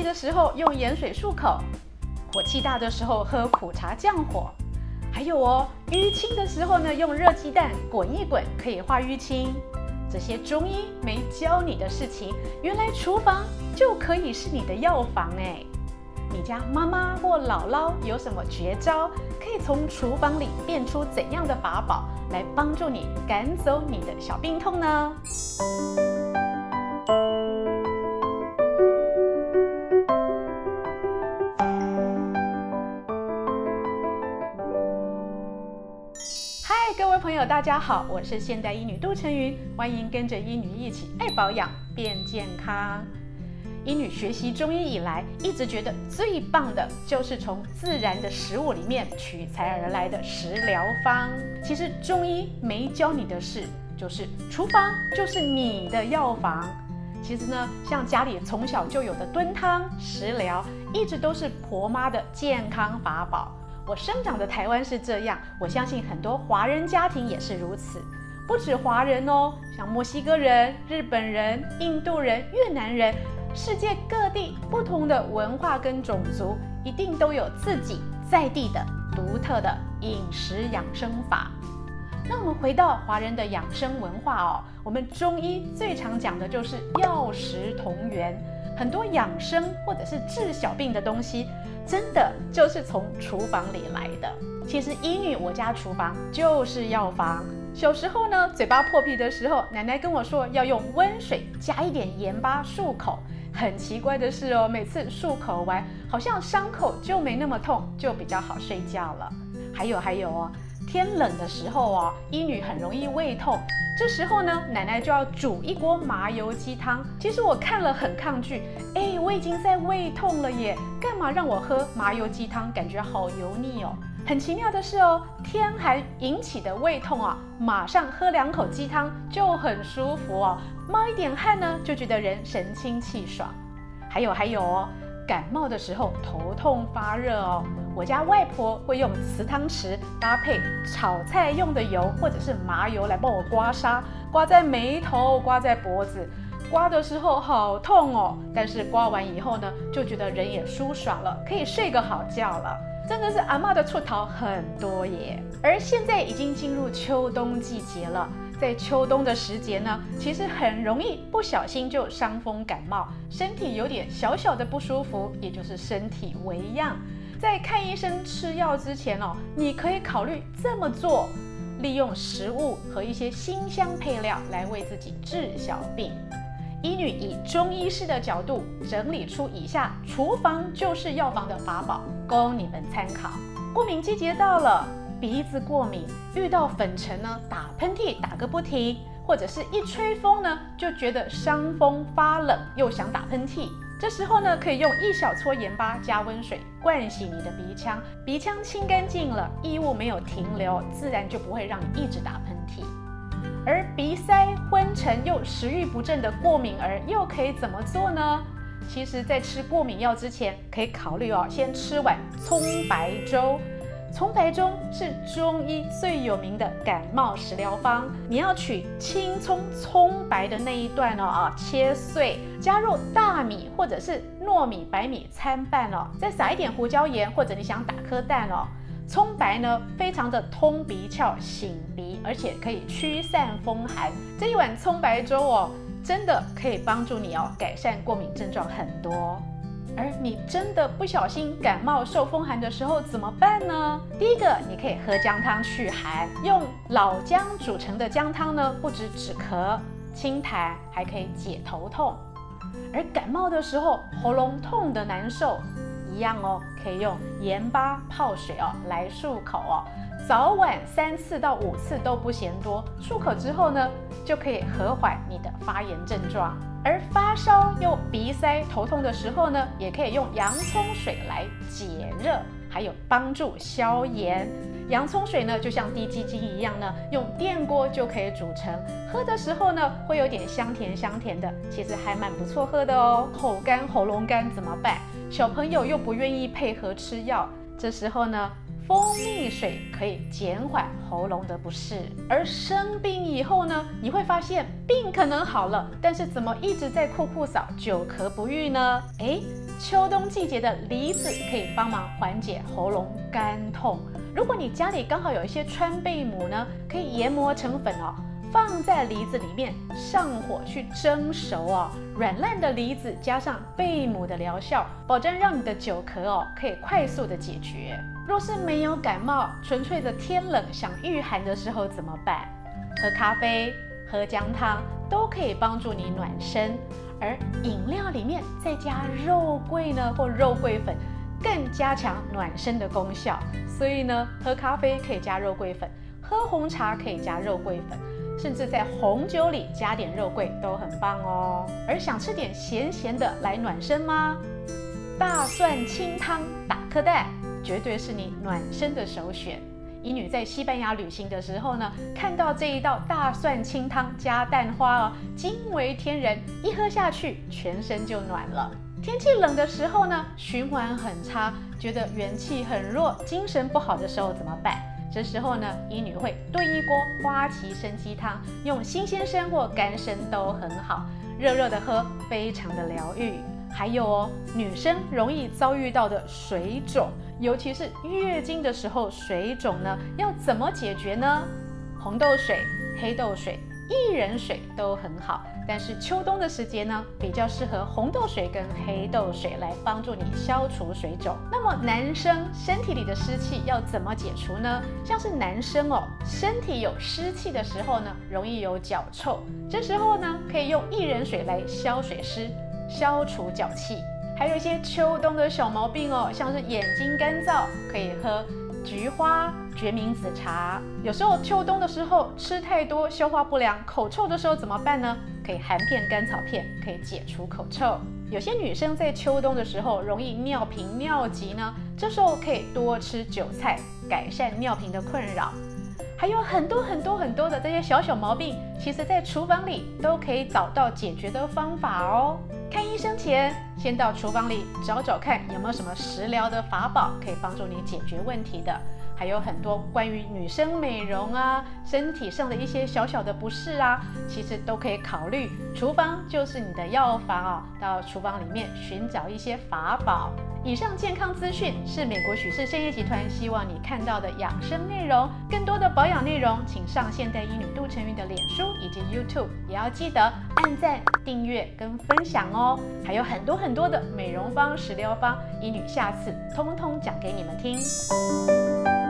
的時候用鹽水漱口，火氣大的時候喝苦茶降火，還有哦，淤青的時候呢，用熱雞蛋滾一滾可以化淤青。這些中醫沒教你的事情，原來廚房就可以是你的藥房誒，你家媽媽或姥姥有什麼絕招，可以從廚房裡變出怎樣的法寶來幫助你趕走你的小病痛呢？大家好，我是現代醫女杜丞蕓，歡迎跟着醫女一起愛保養變健康。醫女學習中醫以來，一直覺得最棒的就是從自然的食物裡面取材而來的食療方。其實中醫沒教你的事，就是廚房就是你的藥房。其實呢，像家裡從小就有的燉湯食療，一直都是婆媽的健康法寶。我生長的台灣是這樣，我相信很多華人家庭也是如此。不止華人哦，像墨西哥人、日本人、印度人、越南人，世界各地不同的文化跟種族，一定都有自己在地的獨特的飲食養生法。那我們回到華人的養生文化哦，我們中醫最常講的就是藥食同源，很多養生或者是治小病的東西。真的就是從廚房裡來的。其實，醫女我家廚房就是藥房。小時候呢，嘴巴破皮的時候，奶奶跟我說要用溫水加一點鹽巴漱口。很奇怪的是哦，每次漱口完，好像傷口就沒那麼痛，就比較好睡覺了。還有還有哦。天冷的時候哦、啊，醫女很容易胃痛，這時候呢，奶奶就要煮一鍋麻油雞湯。其實我看了很抗拒，哎，我已經在胃痛了耶，幹嘛讓我喝麻油雞湯？感覺好油膩哦。很奇妙的是哦，天寒引起的胃痛啊，馬上喝兩口雞湯就很舒服哦，冒一點汗呢，就覺得人神清氣爽。還有還有哦，感冒的時候頭痛發熱哦。我家外婆會用瓷湯匙搭配炒菜用的油或者是麻油來幫我刮痧，刮在眉頭，刮在脖子，刮的時候好痛哦，但是刮完以後呢，就覺得人也舒爽了，可以睡個好覺了。真的是阿嬤的出逃很多耶。而現在已經進入秋冬季節了，在秋冬的時節呢，其實很容易不小心就傷風感冒，身體有點小小的不舒服，也就是身體微恙。在看醫生、吃藥之前哦，你可以考慮這麼做：利用食物和一些辛香配料來為自己治小病。醫女以中醫師的角度整理出以下“廚房就是藥房”的法寶，供你們參考。過敏季節到了，鼻子過敏，遇到粉塵呢，打噴嚏打個不停，或者是一吹風呢，就覺得傷風發冷，又想打噴嚏。這時候呢，可以用一小撮鹽巴加溫水灌洗你的鼻腔，鼻腔清乾淨了，異物沒有停留，自然就不會讓你一直打噴嚏。而鼻塞、昏沉又食欲不振的過敏兒，又可以怎麼做呢？其實，在吃過敏藥之前，可以考慮哦，先吃碗蔥白粥。蔥白粥是中醫最有名的感冒食療方。你要取青蔥蔥白的那一段哦，啊，切碎，加入大米或者是糯米、白米參半哦，再撒一點胡椒鹽，或者你想打顆蛋哦。蔥白呢，非常的通鼻竅、醒鼻，而且可以驅散風寒。這一碗蔥白粥哦，真的可以幫助你哦，改善過敏症狀很多。而你真的不小心感冒受風寒的時候怎麼辦呢？第一個，你可以喝薑湯去寒，用老薑煮成的薑湯呢，不止止咳清痰，還可以解頭痛。而感冒的時候喉嚨痛得難受，一樣哦，可以用鹽巴泡水哦來漱口哦。早晚三次到五次都不嫌多，漱口之後呢，就可以和緩你的發炎症狀。而發燒又鼻塞頭痛的時候呢，也可以用洋蔥水來解熱，還有幫助消炎。洋蔥水呢，就像滴雞精一樣呢，用電鍋就可以煮成。喝的時候呢，會有點香甜香甜的，其實還蠻不錯喝的哦。口乾喉嚨乾怎麼辦？小朋友又不願意配合吃藥，這時候呢，蜂蜜水可以減緩喉嚨的不適，而生病以後呢，你會發現病可能好了，但是怎麼一直在酷酷嗽久咳不癒呢？哎，秋冬季節的梨子可以幫忙緩解喉嚨乾痛，如果你家裡剛好有一些川貝母呢，可以研磨成粉哦。放在梨子裡面，上火去蒸熟哦，軟爛的梨子加上貝母的療效，保證讓你的久咳哦可以快速的解決。若是沒有感冒，純粹的天冷想御寒的時候怎麼辦？喝咖啡、喝薑湯都可以幫助你暖身，而飲料裡面再加肉桂呢，或肉桂粉，更加強暖身的功效。所以呢，喝咖啡可以加肉桂粉，喝紅茶可以加肉桂粉。甚至在紅酒裡加點肉桂都很棒哦。而想吃點鹹鹹的來暖身嗎？大蒜清湯打顆蛋，絕對是你暖身的首選。醫女在西班牙旅行的時候呢，看到這一道大蒜清湯加蛋花哦，驚為天人，一喝下去全身就暖了。天氣冷的時候呢，循環很差，覺得元氣很弱，精神不好的時候怎麼辦？這時候呢，醫女會燉一鍋花旗參雞湯，用新鮮參或乾參都很好，熱熱的喝，非常的療癒。還有哦，女生容易遭遇到的水腫，尤其是月經的時候水腫呢，要怎麼解決呢？紅豆水、黑豆水、薏仁水都很好。但是秋冬的時節呢，比較適合紅豆水跟黑豆水來幫助你消除水腫。那麼男生身體裡的濕氣要怎麼解除呢？像是男生哦，身體有濕氣的時候呢，容易有腳臭，這時候呢可以用薏仁水來消水濕，消除腳氣。還有一些秋冬的小毛病哦，像是眼睛乾燥，可以喝菊花決明子茶。有時候秋冬的時候吃太多，消化不良，口臭的時候怎麼辦呢？可以含片甘草片，可以解除口臭。有些女生在秋冬的時候容易尿頻尿急呢，這時候可以多吃韭菜，改善尿頻的困擾。還有很多很多很多的這些小小毛病，其實在廚房裡都可以找到解決的方法哦。看醫生前，先到廚房裡找找看有沒有什麼食療的法寶可以幫助你解決問題的。還有很多關於女生美容啊、身體上的一些小小的不適啊，其實都可以考慮。廚房就是你的藥房哦，到廚房裡面尋找一些法寶。以上健康資訊是美國許氏生業集團希望你看到的養生內容。更多的保養內容，請上現代醫女杜丞蕓的臉書以及 YouTube，也要記得按讚、訂閱跟分享哦。還有很多很多的美容方、食療方，醫女下次通通講給你們聽。